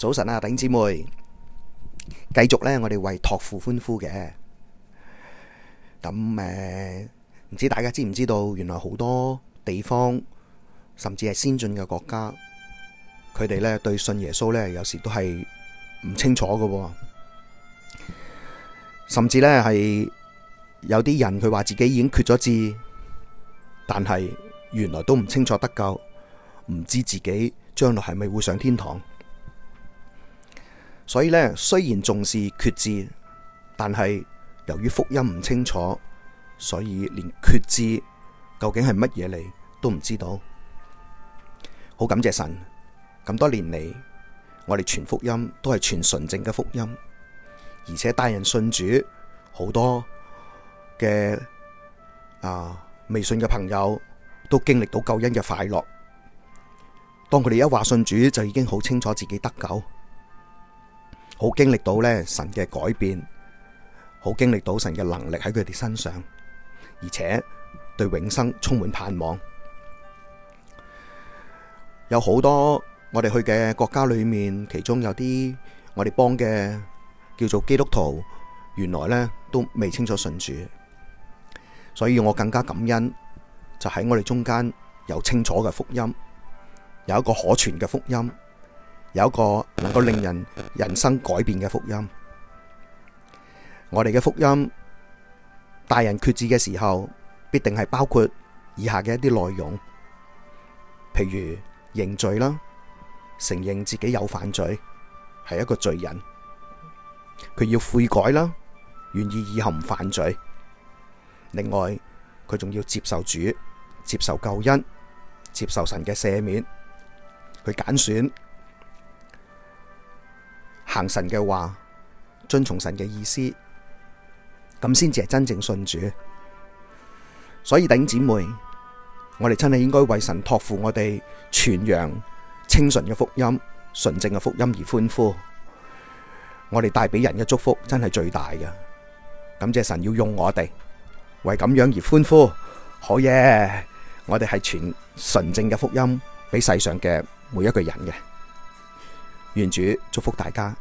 早晨啊，弟兄姐妹，繼續咧，我哋為託付歡呼嘅。咁誒，唔、呃、知大家知唔知道，原來好多地方甚至係先進嘅國家，佢哋咧對信耶穌咧，有時都係唔清楚嘅，甚至咧係有啲人佢話自己已經決咗志，但係原來都唔清楚得救，唔知自己將來係咪會上天堂。所以呢，雖然重視決志，但係由於福音唔清楚，所以連決志究竟係乜嘢嚟都唔知道。好感謝神，咁多年嚟，我哋全福音都係全純正嘅福音，而且帶人信主好多嘅啊，未信嘅朋友都經歷到救恩嘅快樂。當佢哋一話信主，就已經好清楚自己得救。好經歷到咧神嘅改變，好經歷到神嘅能力喺佢哋身上，而且對永生充滿盼望。有好多我哋去嘅國家裏面，其中有啲我哋幫嘅叫做基督徒，原來呢都未清楚信主，所以我更加感恩，就喺我哋中間有清楚嘅福音，有一個可傳嘅福音。有一個能夠令人人生改變嘅福音。我哋嘅福音，大人決志嘅時候，必定係包括以下嘅一啲內容，譬如認罪啦，承認自己有犯罪，係一個罪人，佢要悔改啦，願意以後唔犯罪。另外，佢仲要接受主，接受救恩，接受神嘅赦免，佢揀選。行神嘅話，遵從神嘅意思，咁先至係真正信主。所以弟兄姊妹，我哋真係應該為神託付我哋傳揚清純嘅福音，純正嘅福音而歡呼。我哋帶俾人嘅祝福真係最大嘅。感謝神要用我哋為咁樣而歡呼。好嘢！我哋係傳純正嘅福音俾世上嘅每一個人嘅。願主祝福大家。